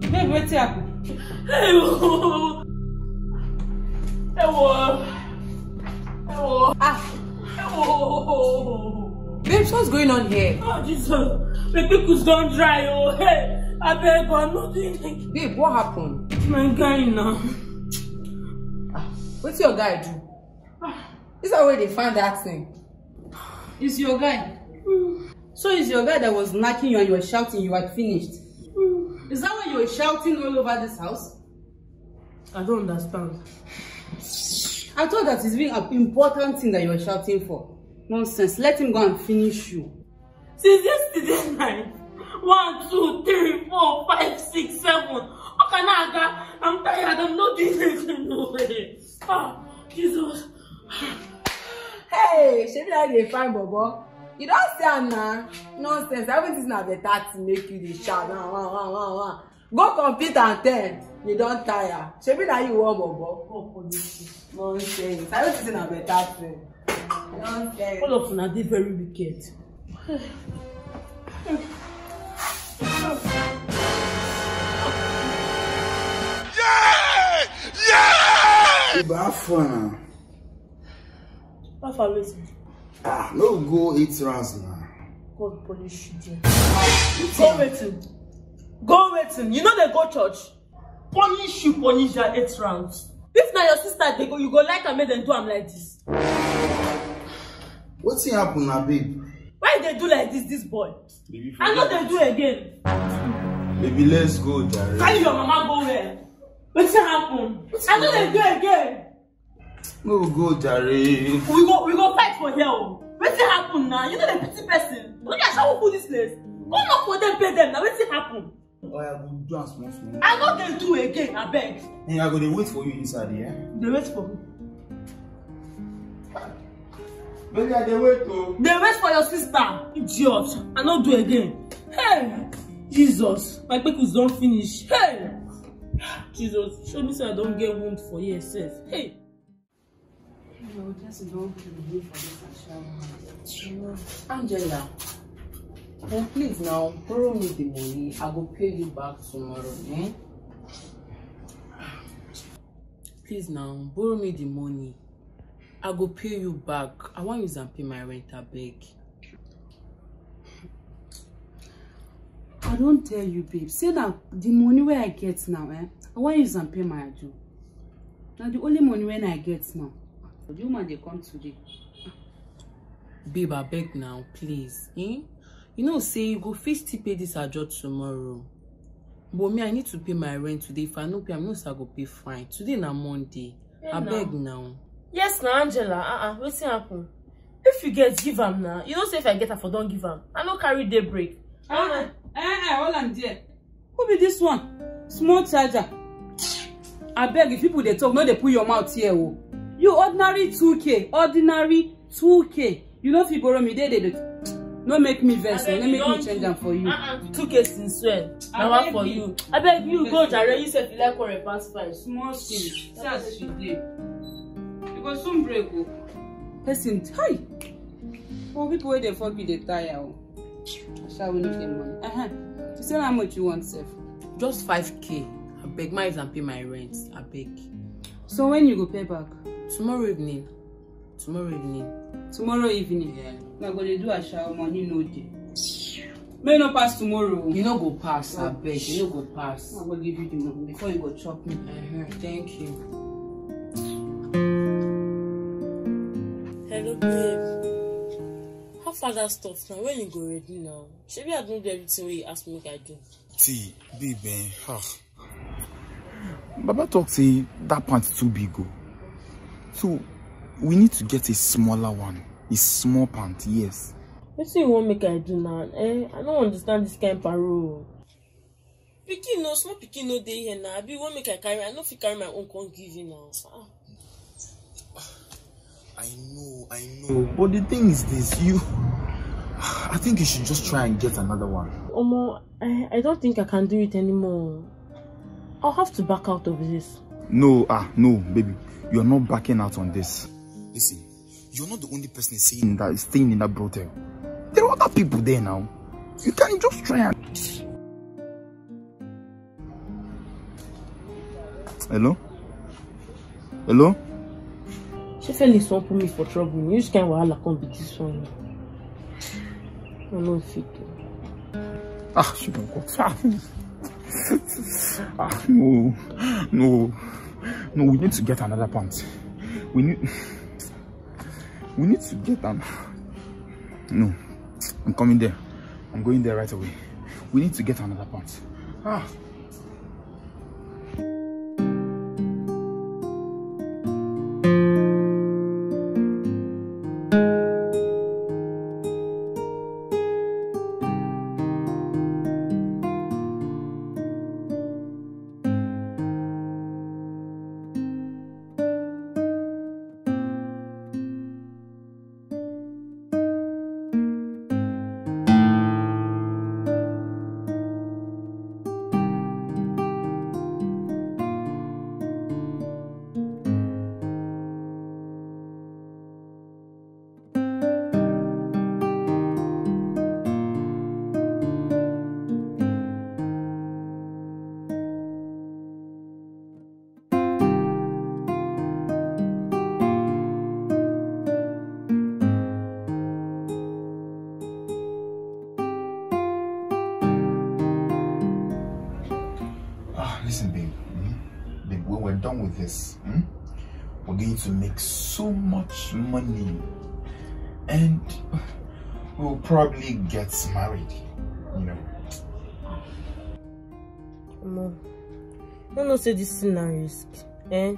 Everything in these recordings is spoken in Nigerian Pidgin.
Babe, wetin happen? Ewo! Ewo! Ewo! Ah! Ewo! Babe, what's going on here? Oh, Jesus! the pickles don't dry, oh! Hey! Abeg, I'm not doing it. Babe, what happened? My guy now. Ah, wetin your guy do? Ah. Is that where they find that thing? It's your guy. So is your guy that was knocking you and you were shouting you had finished? Is that why you were shouting all over this house? I don't understand. I thought that it's being an important thing that you were shouting for. Nonsense. Let him go and finish you. Since this night, one, two, three, four, five, six, seven. Okay, now I I'm tired. I'm not doing anything. No way. Ah, Jesus. Hey, she's like a fine bobo. you don see am ah, na nonsense everything na better thing make you dey shout na wan wan wan wan go compete and ten you don tire shebi na you wan bobo oh. oh, nonsense everything na better thing nonsense. all of una dey very wicked. Yeah! fún un. Bá fa lóṣù. Ah, no go eight rounds now. God punish you, dear. Go waiting. Go waiting. You know they go church. Punish you, punish your eight rounds. If na your sister, they go, you go like and make them do am like this. What's Wetin happen babe? Why they do like this, this boy? Baby, I know they do again. Maybe let's go, Jare. Carry your mama go where? Wetin happen? I know they do again no go jare. we go we go fight for here o oh. it happen now. you know the pity person look at how we full this place go knock for them, pay dem na it happen. oya oh, go do am small small. i no dey do again I beg. Hey, i go dey wait for you inside here. Yeah? dey wait for me. baby i dey wait to. Oh. dey wait for your sister idiot i not do again hey jesus my pickles don finish hey jesus show me so i don't get wound for yourself. hey. Angela, well, eh, please now borrow me the money. I will pay you back tomorrow. Eh? Please now borrow me the money. I go pay you back. I want you to pay my rent abeg. I don't tell you babe say na the money where I get now eh, I want you to pay my ajo. Now the only money when I get now but the woman dey come today babe abeg now please eh? you know say you go fit still pay this ajo tomorrow but me i need to pay my rent today if i no pay i know say i go pay fine today na monday yeah, abeg now. now yes na angela uh -uh. wetin happen if you get give am na you know say if i get am for don give am i no carry day break. ah. -uh. Eh, eh, hold am ah, ah, ah, there who be this one small charger abeg if people dey talk no dey put your mouth here o. Oh you ordinary 2k ordinary 2k you no fit borrow me dey dey no make me vex no make me change am for you. Uh-uh. two cases in swear na one for you abeg you go jare you sef you like quarrel pass five. small thing see as she dey you go soon break o. Oh. person hi for people wey dey fuck you dey tire o oh. asha wey no get money uh -huh. you say how much you want sef. just five k abeg my exam pay my rent abeg. so when you go pay back tomorrow evening tomorrow evening. tomorrow evening yeah. na go dey do àṣà ọmọ no òde may no pass tomorrow. you no go pass no. abeg you no go pass. i go give you the money before you go chop me. Uh -huh. thank you. hello babe how far that stuff na when you go ready now shebi i don do everything wey you ask me make i do. tea babe eh ah baba talk say that pant too big o. Oh. So we need to get a smaller one. A small pant, yes. You see, you won't make I do now. Eh? I don't understand this kind of parole. Pikin no, small pikin no day here now. I won't make I carry. I know if you carry my own con give you now. Ah. I know, I know. But the thing is this, you I think you should just try and get another one. Omo, I, I don't think I can do it anymore. I'll have to back out of this. No, ah, no, baby. You're not backing out on this. Listen, you're not the only person saying that is staying in that brothel. There are other people there now. You can just try and... Hello? Hello? She fell this one put me for trouble. You just can't wahala come be this one. I don't fit. Ah, she don't go. Ah, no. No. No, we need to get another pant. We need we need to get an no. I'm coming there. I'm going there right away. We need to get another pant. Ah done with this, hmm, we're going to make so much money and we'll probably get married, you know. Mom, not know, say this is a risk, eh?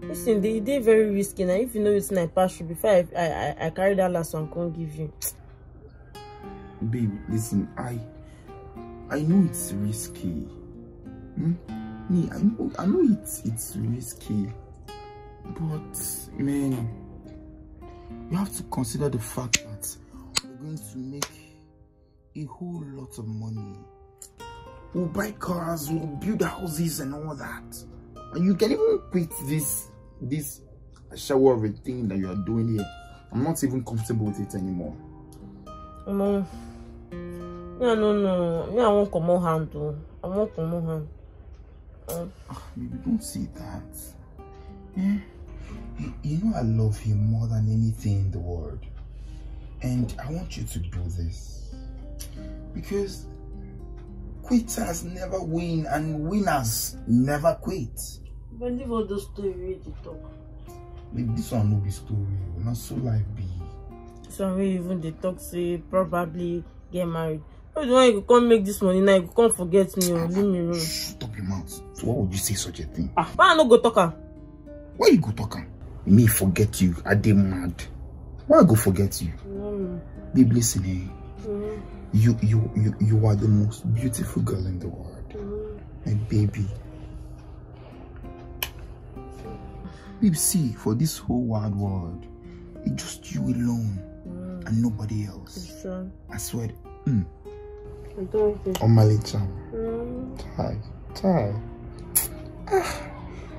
Listen, they they very risky now. If you know it's not past you before I, I I I carry that last one, can't give you. Babe, listen, I I know it's risky. Hmm? me, I know, I know it's, it's risky, but man, you have to consider the fact that we're going to make a whole lot of money. We'll buy cars, we'll build houses and all that. And you can even quit this, this shower of a thing that you are doing here. I'm not even comfortable with it anymore. Mm. No, no, no, no. I won't come on hand. I won't come on hand. Uh, baby, don't say that. Eh? You know I love you more than anything in the world. And I want you to do this. Because quitters never win and winners never quit. Believe all those stories wey talk. this one no be story not so life be. Some wey even dey talk say probably get married why do you come make this money now? You come forget me or oh, leave me alone. Shut your mouth. So why would you say such a thing? Ah, why I no go talk her? Why you go talk her? Me forget you. I dey mad. Why I go forget you? Mm. Babe, listen, eh? Mm. You, you, you, you are the most beautiful girl in the world. Mm. My baby. Babe, see, for this whole wide world, it's just you alone mm. and nobody else. Sure. I swear. Mm. Omalicha. Oh, mm. Thai. Thai. Ah,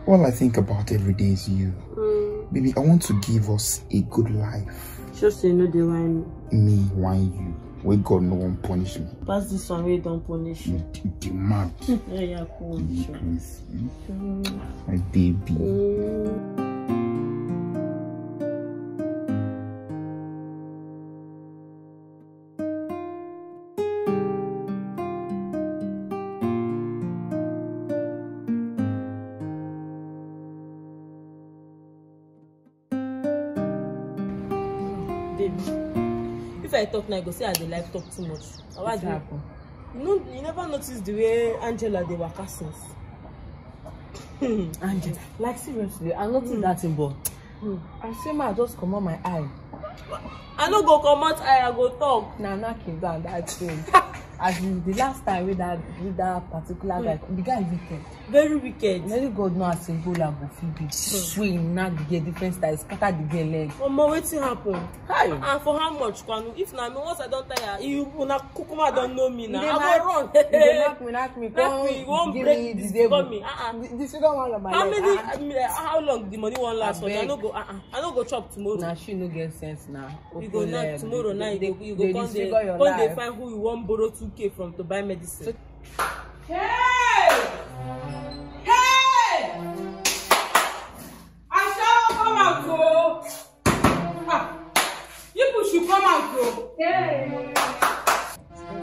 all I think about every day is you. Mm. Baby, I want to give us a good life. Just you know, they want me. Me, want you. When God no one punish me. Pass this one, we don't punish you. Demand. yeah, yeah, cool. Mm. My baby. Mm. i talk now you go see how dey like talk too much na why i you no you never noticed the way angela they waka since. angela like seriously i noticed mm. that thing but mm. i say ma just comot my eye. i no go comot eye i go talk. na knacking down that thing. as in the last time wey that wey that particular guy mm. the guy wicked. very wicked. only god know as ebola go fit be. Hmm. swing. wey him knack the girl different style scatter the girl leg. omo wetin happen. hi. and for how much kwanu if na me once i don tire you una kukuma don know me na i go run. you dey knack me knack me come give me the table ah, ah. the second one of my leg. how many uh, how long the money wan last for you i no go uh, uh, i no go chop tomorrow. na she no get sense na. you go knack tomorrow night. you go you go come dey come dey find who you wan borrow to 2k from to buy medicine. So hey! Hey! shall come out o. Ah, you people should come out o. Hey!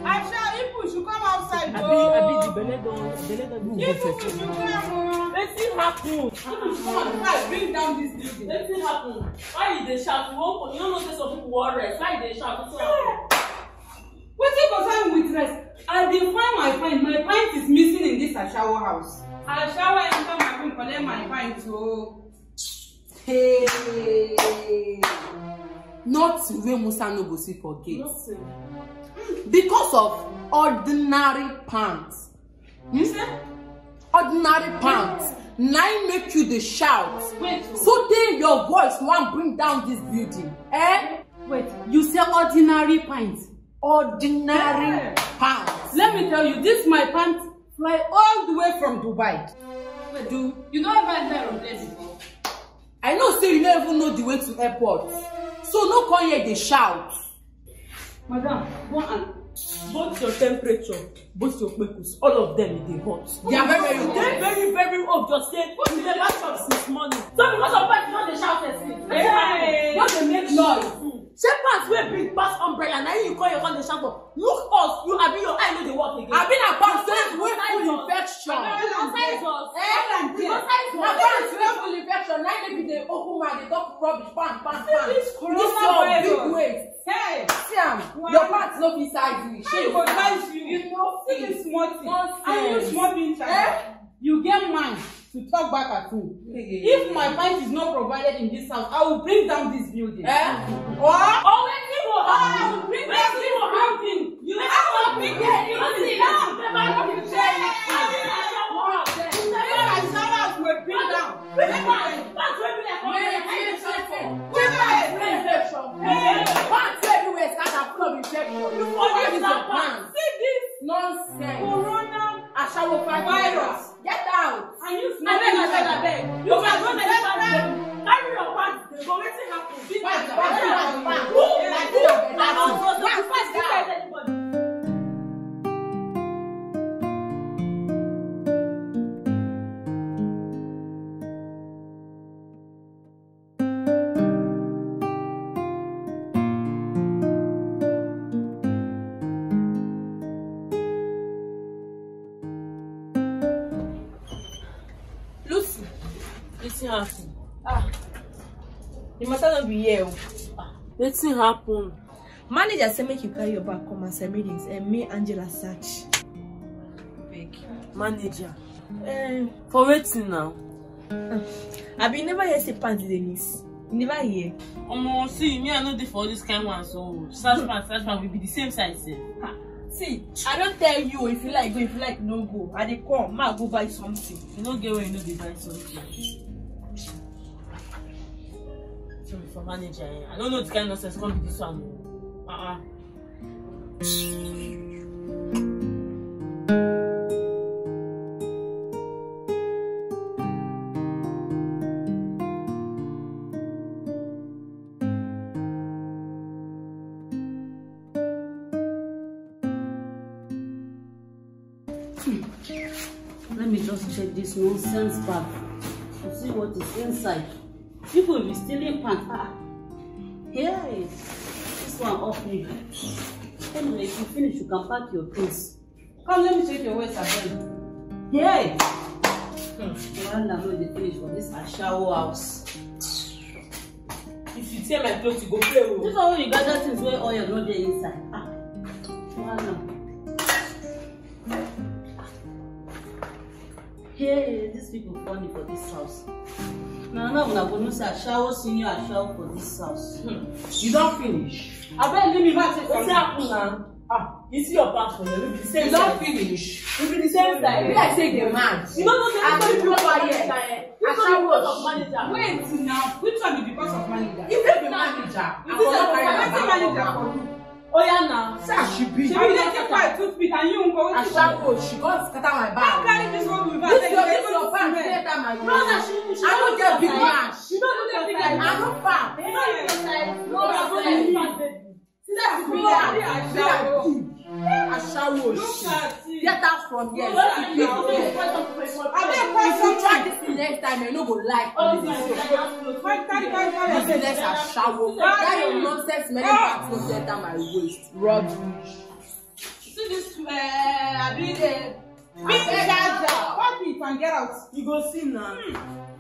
Ashawo, you people should come outside o. I Abi I belle the belle don do. You people should come out. o. Wetin happen? You should come outside bring down this building. Wetin happen? Why you dey shout? You don't know say some people wan rest. Why you dey shout? Wetin happen? concerned with rest i bin find my pint my pint is missing in this ashawo house ashawo enter my room collect my pint oo. Oh. Hey. not wey musa no go see for gate hmm. because of ordinary pants hmm? You say? ordinary pants na im make you dey shout oh. so then your voice wan bring down dis building eh? wait you say ordinary pants ordinary yeah. pants. Let me tell you, this my pants fly all the way from Dubai. Wait, do you know ever enter aeroplane before? I know, say you don't even know the way to airport. So no come here they shout. Madam, go and both your temperature, both your kpekus, all of them they hot. They are very very hot. They very very hot. Just say what is the last of since morning. So because of that, you know they shout and sing. Hey, hey. they make noise. Shepherds big pants umbrella na you call your country shampoo look us you abi your eye no dey work again. abi na bank wey wey full infection. na size us eh na bank wey full infection na im dey dey open mouth dey talk rubbish pan pan pan this your big waist. Hey, see am your part no fit size you. shey you go size you. you no fit small thing. i use small bin time. you get mind to talk back at me. if my mind is not provided in this house i will bring down this building. Eh? or. your See this. Nonsense. Corona Ashawo virus. Get out. And you smell it. I said abeg. You are going to get out. Carry your pants. Go wetin happen. Pants. Pants. Pants. Pants. Pants. Pants. Pants. Pants. the matter no be here o. wetin happen. manager say make you carry your bag come as i meet him and eh, me angela search. beg manager. Um, for wetin now. Ah. i bin never hear say pants dey miss you never hear. omo um, see me i no dey for all this kind one so search hmm. pants search pants we be the same size sef. Ah, see i don tell you if you like go if you like no go i dey come ma go buy something. you no get where you no dey buy something. to be for manager. Eh? I don't know the kind of nonsense come with this one. Oh. Uh-uh. Hmm. Let me just check this nonsense bag to see what is inside. will be stealing pants. Here ah. is this one off me. Anyway, if you finish, you can pack your things. Come, let me check your waist again. Yes. Hmm. Now we finish for this shower house. If you tear my clothes, you go play with. Oh. This one you gather things where oil no dey inside. Ah, Joanna. Hey, these people funny for this house na now una go know say ashawo senior ashawo for dis house you don't finish abeg leave me back say wetin happen ah you see your back for there we be the same you don finish we be the same time be like say you dey mad you no know say which one be because of manager which one be because of manager wait na which one be because of manager you fit be manager you fit be manager oya na. say as she be. shebi dey take my toothpick and you nko. asako she go scatter my bag. don carry this one with her. this your this your bag fit enter my room. no na she she no get big man. she don't dey big man. i no far. no dey big man. no dey big man. see that she be that. she asawo she get out from there. if you try this thing next time you no go like on this show business asawo that your nonsense many times no enter my waist rubbish. see this abi dey. big jaja. pack me and get out. you go see na. Hmm.